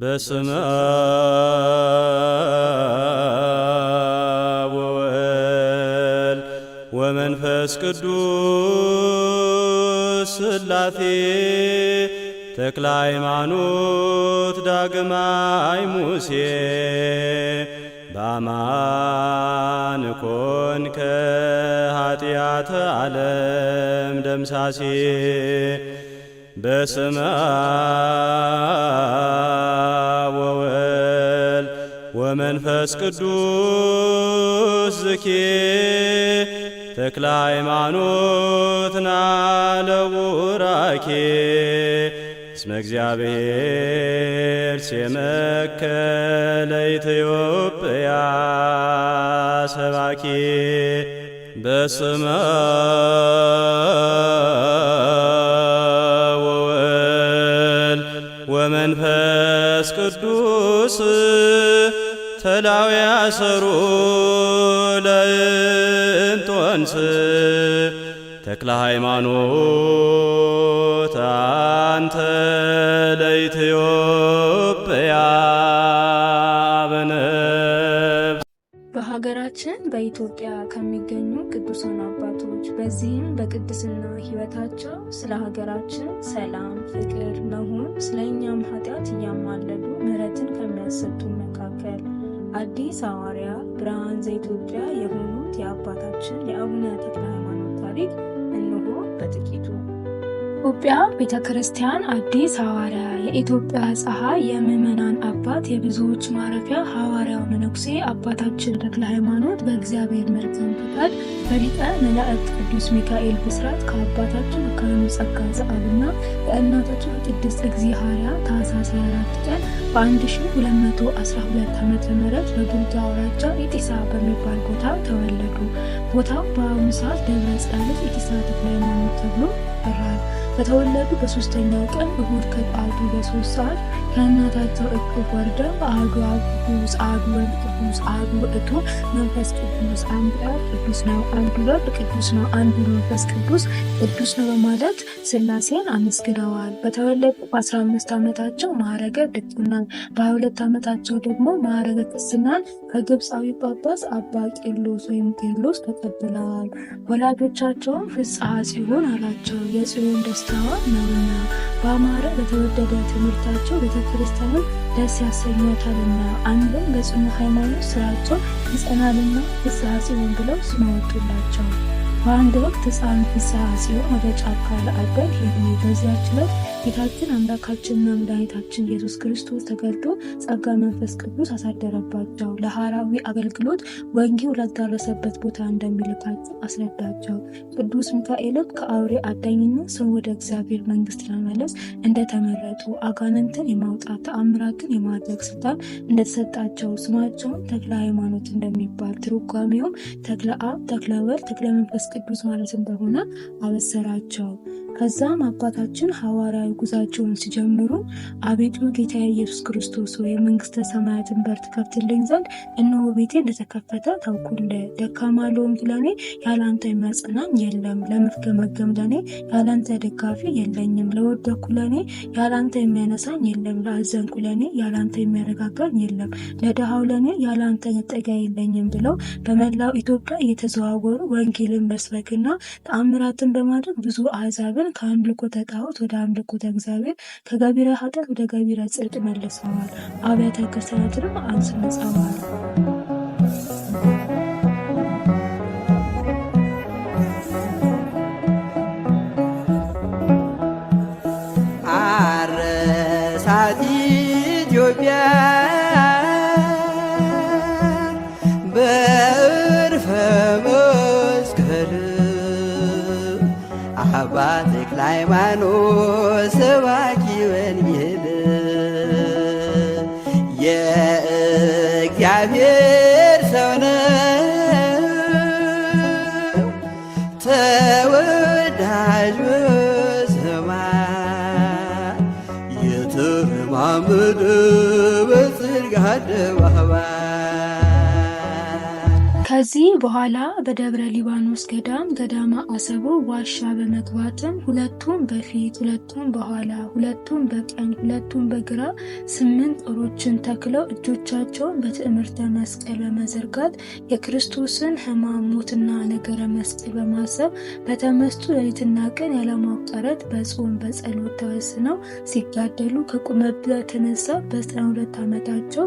በስመ አብ ወወልድ ወመንፈስ ቅዱስ ስላሴ ተክለ ሃይማኖት ዳግማይ ሙሴ በአማን ኮንከ ኃጢአተ ዓለም ደምሳሴ በስመ አብ ወወልድ ወመንፈስ ቅዱስ ዝኪር ተክለ ሃይማኖት ናለ እስመ እግዚአብሔር ሴመከ ለኢትዮጵያ ሰባኬ በስመ ኤልያስ ቅዱስ ተላው ያሰሩ ለእንጦንስ ተክለ ሃይማኖት አንተ ለይትዮ በሀገራችን በኢትዮጵያ ከሚገኙ ቅዱሳን አባቶች በዚህም በቅድስና ሕይወታቸው ስለ ሀገራችን ሰላም፣ ፍቅር መሆን ስለ እኛም ኃጢአት እያማለዱ ምሕረትን ከሚያሰጡ መካከል አዲስ ሐዋርያ ብርሃን ዘኢትዮጵያ የሆኑት የአባታችን የአቡነ ተክለ ሃይማኖት ታሪክ እንሆ በጥቂቱ ኢትዮጵያ ቤተ ክርስቲያን አዲስ ሐዋርያ የኢትዮጵያ ፀሐይ የምዕመናን አባት የብዙዎች ማረፊያ ሐዋርያው መነኩሴ አባታችን ተክለ ሃይማኖት በእግዚአብሔር መልካም ፍቃድ በሊቀ መላእክት ቅዱስ ሚካኤል ብስራት ከአባታችን ካህኑ ጸጋ ዘአብና በእናታችን ቅድስት እግዚእ ሐረያ ታኅሳስ 24 ቀን በ1212 ዓ ም በቡልጋ አውራጃ ኢጢሳ በሚባል ቦታ ተወለዱ። ቦታው በአሁኑ ሰዓት ደብረ ጻድቅ ኢጢሳ ተክለ ሃይማኖት ተብሎ ይጠራል። በተወለዱ በሶስተኛው ቀን እሁድ ከጠዋቱ በሶስት ሰዓት ከእናታቸው እቅፍ ወርደው አህዱ አብ ቅዱስ አህዱ ወልድ ቅዱስ አህዱ እቶ መንፈስ ቅዱስ አንድ አብ ቅዱስ ነው አንዱ ወልድ ቅዱስ ነው አንዱ መንፈስ ቅዱስ ቅዱስ ነው በማለት ስላሴን አመስግነዋል። በተወለዱ በ15 ዓመታቸው ማዕረገ ድቁናን፣ ዓመታቸው ደግሞ ማዕረገ ቅስናን ከግብፃዊ ጳጳስ አባ ቄሎስ ወይም ቄሎስ ተቀብለዋል። ወላጆቻቸውም ፍጽሐ ጽዮን አላቸው፣ የጽዮን ደስታዋ ነውና። በአማረ በተወደደ ትምህርታቸው ክርስቲያኑን ደስ ያሰኙታልና አንዱም በጽኑ ሃይማኖት ስራቸው ይጸናልና ፍስሐ ጽዮን ብለው ስመወጡላቸው በአንድ ወቅት ህፃን ፍስሐ ሲሆን ወደ ጫካ ለአገር ሄዱ። በዚያች ዕለት ጌታችን አምላካችንና መድኃኒታችን ኢየሱስ ክርስቶስ ተገልጦ ጸጋ መንፈስ ቅዱስ አሳደረባቸው። ለሐዋርያዊ አገልግሎት ወንጌል ላዳረሰበት ቦታ እንደሚልካቸው አስረዳቸው። ቅዱስ ሚካኤልም ከአውሬ አዳኝነት ሰው ወደ እግዚአብሔር መንግስት ለመለስ እንደተመረጡ፣ አጋንንትን የማውጣት ተአምራትን የማድረግ ስልጣን እንደተሰጣቸው፣ ስማቸውን ተክለ ሃይማኖት እንደሚባል ትርጓሜውም ተክለ አብ፣ ተክለ ወልድ፣ ተክለ መንፈስ ቅዱሳን እንደሆነ አበሰራቸው። ከዛም አባታችን ሐዋርያዊ ጉዛቸውን ሲጀምሩ አቤቱ ጌታ ኢየሱስ ክርስቶስ ወይ መንግስተ ሰማያትን በር ትከፍትልኝ ዘንድ እነሆ ቤቴ እንደተከፈተ ታውኩልህ። ደካማ ለሆንኩ ለእኔ ያለአንተ የሚያጽናኝ የለም። ለምፍገመገም ለእኔ ያለአንተ ደጋፊ የለኝም። ለወደኩ ለእኔ ያለአንተ የሚያነሳኝ የለም። ለአዘንኩ ለእኔ ያለአንተ የሚያረጋጋኝ የለም። ለድሃው ለእኔ ያለአንተ መጠጊያ የለኝም ብለው በመላው ኢትዮጵያ እየተዘዋወሩ ወንጌልን እና ተአምራትን በማድረግ ብዙ አሕዛብን ከአምልኮተ ጣዖት ወደ አምልኮተ እግዚአብሔር ከገቢረ ኃጢአት ወደ ገቢረ ጽድቅ መልሰዋል። አብያተ ክርስቲያናትንም አንስነጸዋል። ሃይማኖት ሰባኪ ወንጌል የእግዚአብሔር ሰው ነው ተወዳጅ በሰማይ የተማመደ በጽድቅ አደባባይ ከዚህ በኋላ በደብረ ሊባኖስ ገዳም ገዳማ አሰቦ ዋሻ በመግባትም ሁለቱም በፊት ሁለቱም በኋላ ሁለቱም በቀኝ ሁለቱም በግራ ስምንት ጦሮችን ተክለው እጆቻቸውን በትዕምርተ መስቀል በመዘርጋት የክርስቶስን ሕማም ሞትና ነገረ መስቀል በማሰብ በተመስጡ ሌሊትና ቀን ያለማቋረጥ በጾም በጸሎት ተወስነው ሲጋደሉ ከቁመብ ተነሳ በ92 ዓመታቸው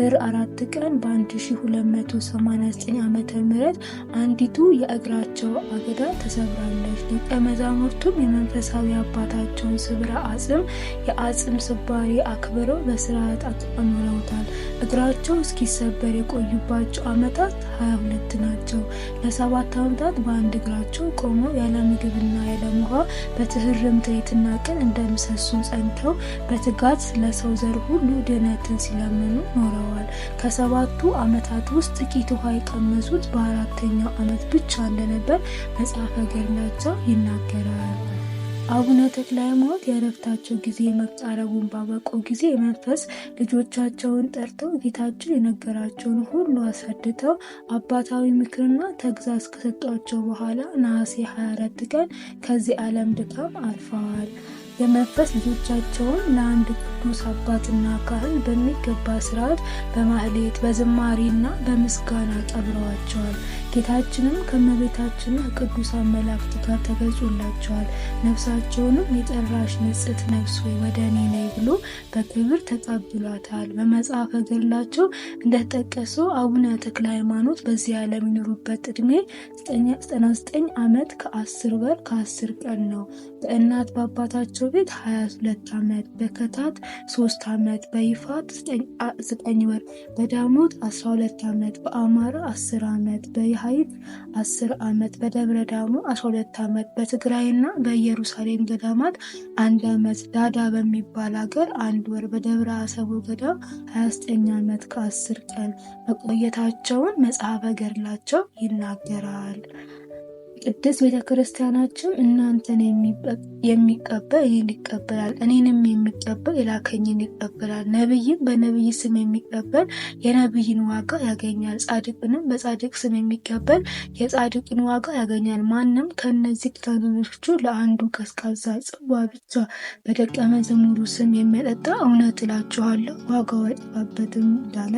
ጥር አራት ቀን በ1289 ዓመተ ምህረት አንዲቱ የእግራቸው አገዳ ተሰብራለች። ደቀ መዛሙርቱም የመንፈሳዊ አባታቸውን ስብረ አጽም የአጽም ስባሪ አክብረው በስርዓት አኖረውታል። እግራቸው እስኪሰበር የቆዩባቸው ዓመታት ሀያ ሁለት ናቸው። ለሰባት ዓመታት በአንድ እግራቸው ቆመው ያለ ምግብና ያለ ውሃ በትህርም ትሬትና ቀን እንደ ምሰሶ ጸንተው በትጋት ለሰው ዘር ሁሉ ድህነትን ሲለምኑ ኖረዋል። ከሰባቱ ዓመታት ውስጥ ጥቂት ውሃ የቀመሱ የደረሱት በአራተኛው ዓመት ብቻ እንደነበር መጽሐፈ ገድላቸው ይናገራል። አቡነ ተክለ ሃይማኖት የእረፍታቸው ጊዜ መቃረቡን ባበቁ ጊዜ መንፈስ ልጆቻቸውን ጠርተው ጌታቸው የነገራቸውን ሁሉ አስረድተው አባታዊ ምክርና ተግዛዝ ከሰጧቸው በኋላ ነሐሴ 24 ቀን ከዚህ ዓለም ድካም አልፈዋል። የመንፈስ ልጆቻቸውን ለአንድ ቅዱስ አባትና ካህን በሚገባ ስርዓት በማህሌት በዝማሬና በምስጋና ቀብረዋቸዋል። ጌታችንም ከመቤታችን ቅዱሳን መላእክት ጋር ተገልጾላቸዋል። ነፍሳቸውንም የጠራሽ ንጽት ነፍስ ወይ ወደ እኔ ነይ ብሎ በክብር ተቀብሏታል። በመጽሐፈ ገድላቸው እንደተጠቀሰው አቡነ ተክለ ሃይማኖት በዚህ ዓለም ይኖሩበት ዕድሜ 99 ዓመት ከ10 ወር ከ10 ቀን ነው። በእናት በአባታቸው ቤት 22 ዓመት፣ በከታት 3 ዓመት፣ በይፋት 9 ወር፣ በዳሞት 12 ዓመት፣ በአማራ 10 ዓመት፣ በይ ሐይቅ አስር ዓመት በደብረ ዳሞ አስራ ሁለት ዓመት በትግራይና በኢየሩሳሌም ገዳማት አንድ ዓመት ዳዳ በሚባል ሀገር አንድ ወር በደብረ አሰቦ ገዳም 29 ዓመት ከአስር ቀን መቆየታቸውን መጽሐፈ ገድላቸው ይናገራል። ቅድስት ቤተ ክርስቲያናችን እናንተን የሚቀበል እኔን ይቀበላል፣ እኔንም የሚቀበል የላከኝን ይቀበላል፣ ነብይን በነብይ ስም የሚቀበል የነብይን ዋጋ ያገኛል፣ ጻድቅንም በጻድቅ ስም የሚቀበል የጻድቅን ዋጋ ያገኛል። ማንም ከነዚህ ትናንሾቹ ለአንዱ ቀዝቃዛ ጽዋ ብቻ በደቀ መዝሙሩ ስም የሚያጠጣ እውነት እላችኋለሁ ዋጋው አይጠፋበትም እንዳለ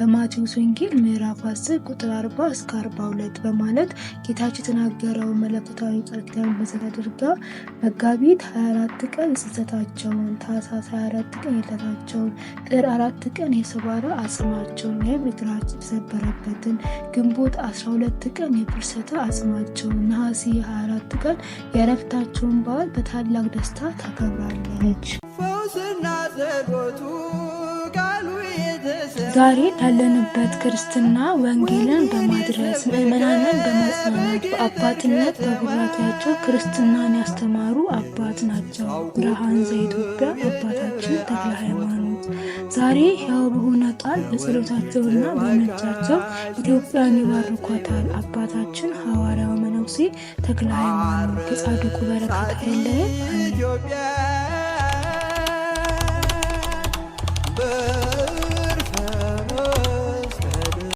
በማቴዎስ ወንጌል ምዕራፍ 10 ቁጥር 40 እስከ 42 በማለት ጌታችን ተናገ የምትናገረው መለኮታዊ ቃል ኪዳን መሰረት አድርጋ መጋቢት 24 ቀን ጽንሰታቸውን፣ ታኅሳስ 24 ቀን የለታቸውን፣ ጥር አራት ቀን የሰባረ አጽማቸውን ወይም እግራቸው የተሰበረበትን፣ ግንቦት 12 ቀን የፍልሰታ አጽማቸውን፣ ነሐሴ 24 ቀን የረፍታቸውን በዓል በታላቅ ደስታ ታከብራለች። ፈውስና ጸሎቱ ዛሬ ላለንበት ክርስትና ወንጌልን በማድረስ ምዕመናንን በማጽናናት በአባትነት በቡራኪያቸው ክርስትናን ያስተማሩ አባት ናቸው። ብርሃን ዘኢትዮጵያ አባታችን ተክለ ሃይማኖት ዛሬ ሕያው በሆነ ቃል በጸሎታቸውና በመርጃቸው ኢትዮጵያን ይባርኳታል። አባታችን ሐዋርያው መነኩሴ ተክለ ሃይማኖት የጻድቁ በረከት አይለየን።